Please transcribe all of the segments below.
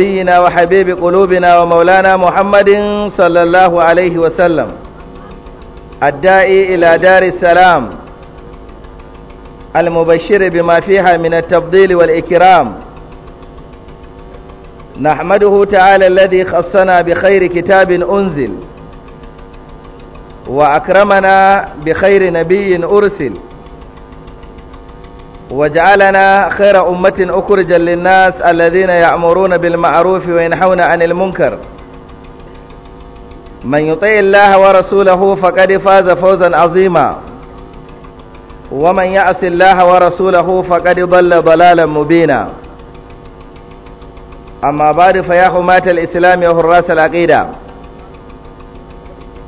نبينا وحبيب قلوبنا ومولانا محمد صلى الله عليه وسلم الداعي إلى دار السلام المبشر بما فيها من التفضيل والإكرام نحمده تعالى الذي خصنا بخير كتاب أنزل وأكرمنا بخير نبي أرسل واجعلنا خير أمة أخرج للناس الذين يأمرون بالمعروف وينحون عن المنكر من يطيع الله ورسوله فقد فاز فوزا عظيما ومن يعص الله ورسوله فقد ضل ضلالا مبينا أما بعد فيا حماة الإسلام وحراس العقيدة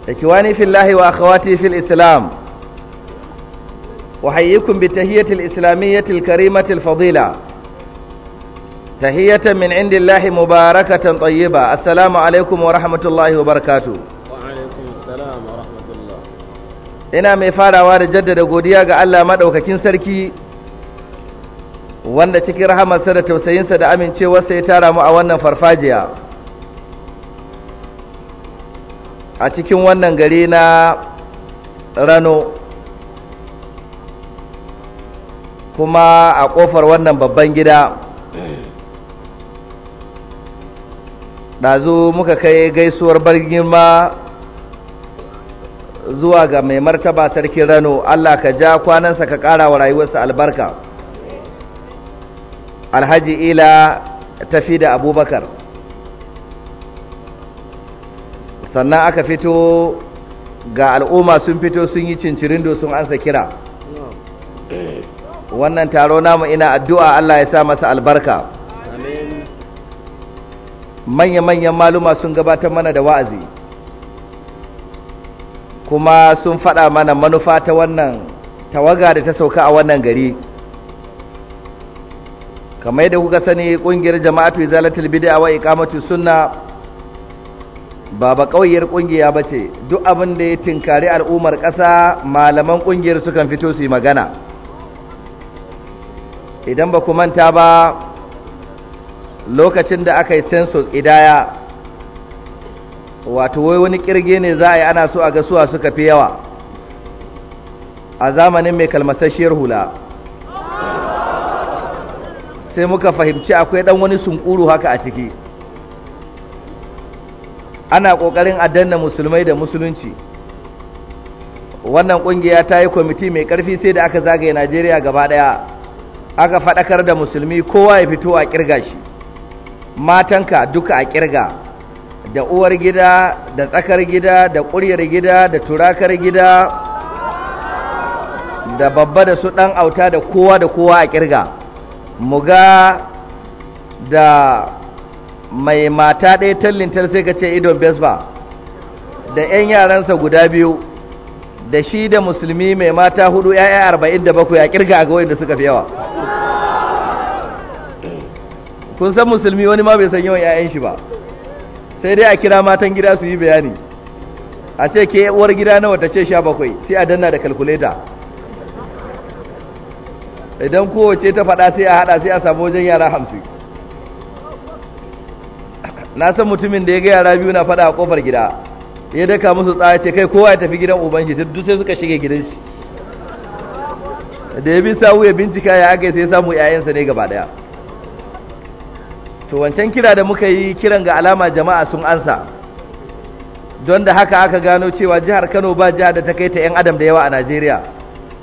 إخواني في الله وأخواتي في الإسلام أحييكم bi الإسلامية الكريمة الفضيلة تهية من عند الله مباركة طيبة السلام عليكم ورحمة الله وبركاته وعليكم السلام ورحمة الله ina mai farawa da jaddada godiya ga Allah madaukakin sarki wanda cikin rahamarsa da tausayinsa da amincewarsa ya tara mu a wannan farfajiya a cikin wannan gari na rano kuma a kofar wannan babban gida ɗazu muka kai gaisuwar bargirma zuwa ga mai martaba sarkin rano Allah ka ja kwanansa ka ƙara wa rayuwarsa albarka alhaji ila tafi da abubakar sannan aka fito ga al'umma sun fito sun yi cincirindo sun ansa kira wannan taro namu ina addu'a Allah ya sa masa albarka manya-manyan maluma sun gabatar mana da wa'azi kuma sun faɗa mana manufa ta wannan tawaga da ta sauka a wannan gari kamar da kuka sani ƙungiyar jama'atu izalatul bid'a wa iqamatu sunna ba ba ƙauyar ƙungiya ba ce duk abin da ya tinkari al'ummar ƙasa malaman ƙungiyar sukan fito su yi magana idan ba ku manta ba lokacin da aka yi census idaya wato wai wani kirge ne za a yi ana so a gasuwa suka fi yawa a zamanin mai kalmasasshiyar hula sai muka fahimci akwai dan wani sunkuru haka a ciki ana kokarin a musulmai da musulunci wannan kungiya ta yi kwamiti mai karfi sai da aka zagaye najeriya gaba daya aka faɗakar da musulmi kowa ya fito a ƙirga shi matanka duka a ƙirga da uwar gida da tsakar gida da ƙuryar gida da turakar gida da babba da su ɗan auta da kowa da kowa a ƙirga muga da mai mata ɗaya tallintar sai ka ce idon besba da 'yan yaransa guda biyu da shi da musulmi mai mata hudu yaya arba'in da bakwai a kirga a gawai da suka fi yawa kun san musulmi wani ma bai san yawan yayan shi ba sai dai a kira matan gida su yi bayani a ce ke uwar gida nawa ta ce sha bakwai sai a danna da kalkuleta idan kowace ta faɗa sai a haɗa sai a samu wajen yara hamsin na san mutumin da ya ga yara biyu na faɗa a ƙofar gida ya daka musu tsaya ce kai kowa ya tafi gidan uban shi duk sai suka shige gidan shi da ya bi sawu ya bincika ya aka sai samu yayansa ne gaba daya to wancan kira da muka yi kiran ga alama jama'a sun ansa don da haka aka gano cewa jihar Kano ba jihar da ta kai ta yan adam da yawa a Najeriya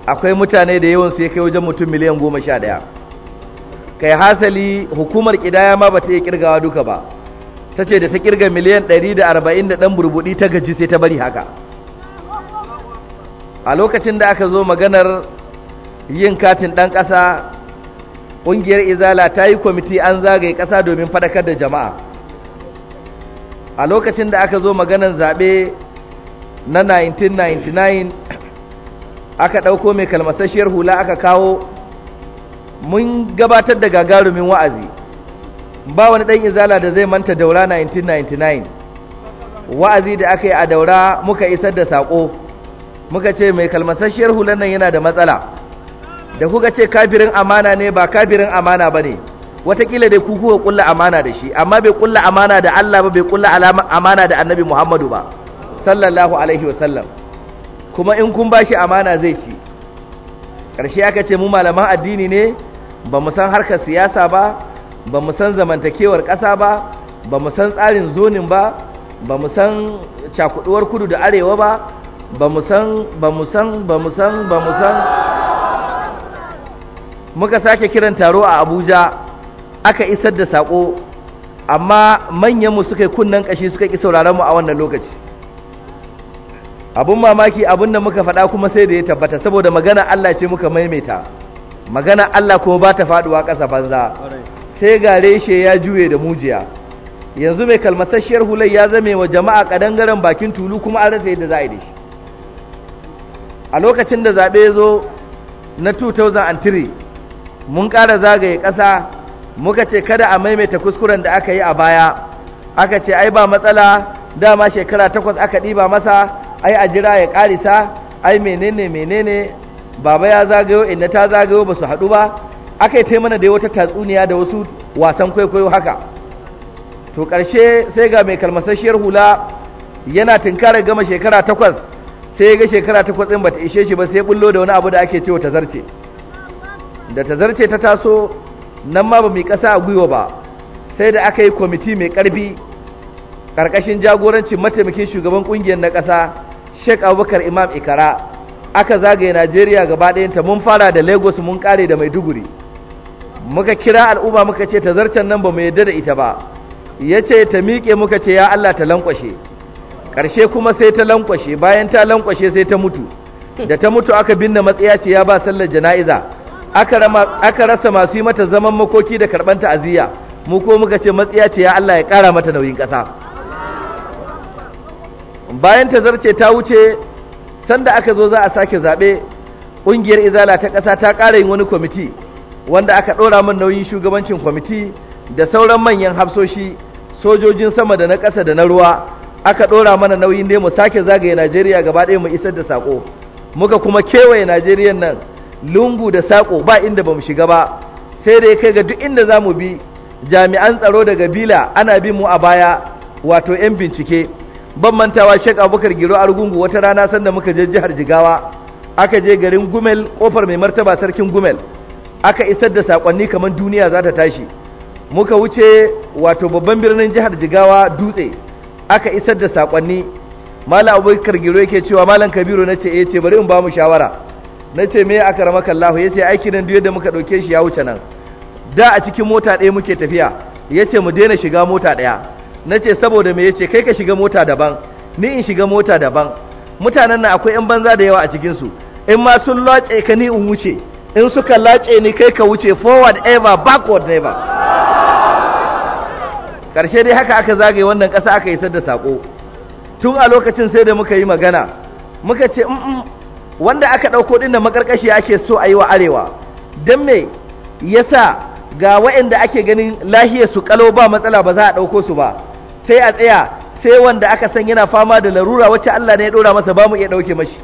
akwai mutane da yawan su ya kai wajen mutum miliyan goma sha ɗaya kai hasali hukumar kidaya ma ba ta iya kirgawa duka ba ta ce da ta kirga miliyan 140 da ɗan burbuɗi ta gaji sai ta bari haka a lokacin da aka zo maganar yin katin ɗan ƙasa ƙungiyar izala ta yi kwamiti an zagaye ƙasa domin faɗakar da jama'a a lokacin da aka zo maganar zaɓe na 1999 aka ɗauko mai kalmasasshiyar hula aka kawo mun gabatar da gagarumin wa'azi ba wani ɗan izala da zai manta daura 1999 wa'azi da aka yi a daura muka isar da saƙo muka ce mai kalmasasshiyar hular nan yana da matsala da kuka ce kafirin amana ne ba kafirin amana ba ne watakila dai ku kuka kulla amana da shi amma bai kulla amana da Allah ba bai kulla amana da annabi Muhammadu ba sallallahu alaihi wa sallam, kuma in kun bashi amana zai ci ƙarshe aka ce mu malaman addini ne ba mu san harkar siyasa ba ba mu san zamantakewar ƙasa ba ba mu san tsarin zonin ba ba mu san cakuduwar kudu da arewa ba ba mu san ba mu san ba mu san ba mu san muka sake kiran taro a abuja aka isar da sako amma manyanmu suka yi kunnen kashi suka ƙi sauraron mu a wannan lokaci abun mamaki abun da muka faɗa kuma sai da ya tabbata saboda magana allah ce muka maimaita magana allah kuma ba ta faɗuwa ƙasa banza sai ga reshe ya juye da mujiya yanzu mai kalmasasshiyar hulai ya zame wa jama'a kadangaren bakin tulu kuma an rasa yadda za a yi da shi a lokacin da zaɓe ya zo na 2003 mun ƙara zagaye ƙasa muka ce kada a maimaita kuskuren da aka yi a baya aka ce ai ba matsala dama shekara takwas aka ɗiba masa ai a jira ya ƙarisa ai menene menene baba ya zagayo inda ta zagayo ba su haɗu ba aka yi ta mana dai wata tatsuniya da wasu wasan kwaikwayo haka to ƙarshe sai ga mai kalmasasshiyar hula yana tunkarar gama shekara takwas sai ya ga shekara takwas ɗin bata ishe shi ba sai bullo da wani abu da ake cewa zarce da ta zarce ta taso nan ma ba mai ƙasa a gwiwa ba sai da aka yi kwamiti mai ƙarfi ƙarƙashin jagorancin mataimakin shugaban ƙungiyar na ƙasa shek abubakar imam ikara aka zagaye najeriya gaba ɗayanta mun fara da lagos mun ƙare da maiduguri muka kira al'umma muka ce ta zarcen nan ba mu yadda da ita ba ya ce ta miƙe muka ce ya Allah ta lankwashe ƙarshe kuma sai ta lankwashe bayan ta lankwashe sai ta mutu da ta mutu aka binne matsaya ce ya ba sallar jana'iza aka rasa masu yi mata zaman makoki da karɓar ta'aziyya mu ko muka ce matsaya ce ya Allah ya ƙara mata nauyin ƙasa bayan ta zarce ta wuce sanda aka zo za a sake zaɓe ƙungiyar izala ta ƙasa ta ƙara yin wani kwamiti wanda aka ɗora min nauyin shugabancin kwamiti da sauran manyan hafsoshi sojojin sama da na ƙasa da na ruwa aka ɗora mana nauyin ne mu sake zagaye Najeriya gaba ɗaya mu isar da sako muka kuma kewaye Najeriya nan lungu da sako ba inda ba mu shiga ba sai da ya kai ga duk inda za mu bi jami'an tsaro daga bila ana bin mu a baya wato 'yan bincike ban mantawa shek abubakar giro argungu wata rana sanda muka je jihar jigawa aka je garin gumel kofar mai martaba sarkin gumel aka isar da sakonni kamar duniya za ta tashi muka wuce wato babban birnin jihar jigawa dutse aka isar da saƙonni malam abubakar giro yake cewa malam kabiru na ce eh, ce bari in ba mu shawara na ce me aka rama kallahu ya ce aiki nan da muka ɗauke shi ya wuce nan da a cikin mota ɗaya muke tafiya ya ce mu daina shiga mota ɗaya na ce saboda me ya ce kai ka shiga mota daban ni in shiga mota daban mutanen nan akwai 'yan banza da yawa a cikinsu in ma sun lotse ka ni in wuce in suka lace ni kai ka wuce forward ever backward never Karshe dai haka aka zage wannan ƙasa aka isar da saƙo tun a lokacin sai da muka yi magana muka ce mm, mm, wanda aka ɗauko ɗin da makarƙashi ake so a yi wa arewa don me yasa ga waɗanda ake ganin lahiyar su kalo ba matsala ba za a ɗauko su ba sai a tsaya sai wanda aka san yana fama da larura wacce Allah ne ya ɗora masa ba mu iya ɗauke mashi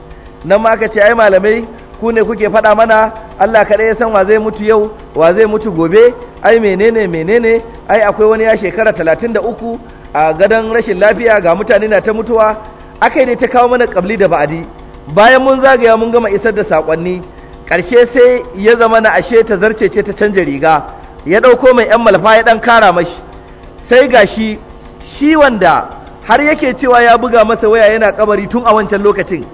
nan ma aka ce ai malamai ku ne kuke faɗa mana Allah kaɗai ya san wa zai mutu yau wa zai mutu gobe ai menene menene ai akwai wani ya shekara talatin da uku a gadon rashin lafiya ga mutane na ta mutuwa aka ne ta kawo mana ƙabli da ba'adi bayan mun zagaya mun gama isar da saƙonni ƙarshe sai ya zama na ashe ta zarce ce ta canja riga ya ɗauko mai 'yan malfa ya ɗan kara mashi sai ga shi shi wanda har yake cewa ya buga masa waya yana kabari tun a wancan lokacin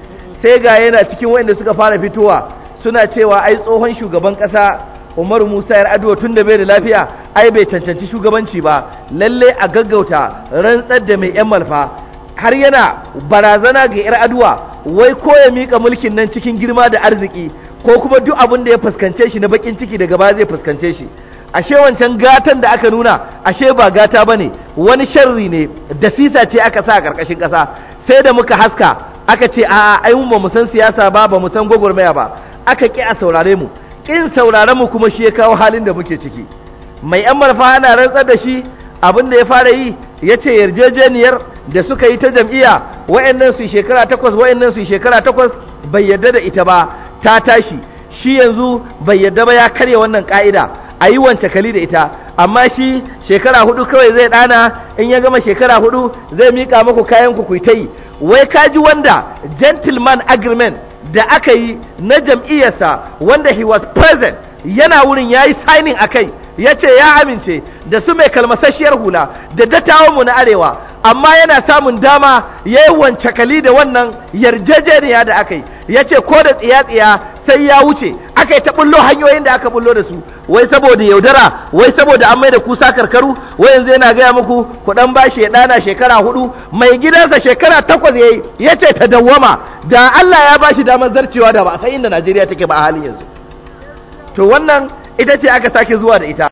sai ga yana cikin waɗanda suka fara fitowa suna cewa ai tsohon shugaban ƙasa umaru musa yar aduwa tun da bai da lafiya ai bai cancanci shugabanci ba lalle a gaggauta rantsar da mai yan malfa har yana barazana ga yar aduwa wai ko ya miƙa mulkin nan cikin girma da arziki ko kuma duk abin da ya fuskance shi na bakin ciki daga baya zai fuskance shi ashe wancan gatan da aka nuna ashe ba gata bane wani sharri ne da sisa ce aka sa a ƙarƙashin ƙasa sai da muka haska aka ce a ai mu mu san siyasa ba ba mu san gwagwarmaya ba aka ki a saurare mu kin saurare mu kuma shi ya kawo halin da muke ciki mai yan fa ana rantsar da shi abin da ya fara yi ya ce yarjejeniyar da suka yi ta jam'iyya wa'annan su shekara takwas wa'annan su shekara takwas bai yarda da ita ba ta tashi shi yanzu bai yarda ba ya karya wannan ka'ida a yi wance kali da ita amma shi shekara hudu kawai zai dana in ya gama shekara hudu zai mika muku kayan ku kuitai wai kaji wanda gentleman agreement da aka yi na jam'iyyarsa wanda he was present yana wurin ya yi signing a kai ya ce ya amince da su mai kalmasasshiyar hula da mu na arewa amma yana samun dama ya yi wancakali da wannan yarjejeniya da aka yi ya ce ko da tsiya-tsiya sai ya wuce aka yi ta bullo hanyoyin da aka bullo da su wai saboda yaudara wai saboda an maida kusa karkaru wai yanzu yana gaya muku kuɗan shi ya ɗana shekara hudu mai gidansa shekara takwas yayi ya ce ta dawwama da Allah ya bashi damar zarcewa da ba a inda Najeriya take ba a halin yanzu to wannan ita ce aka sake zuwa da ita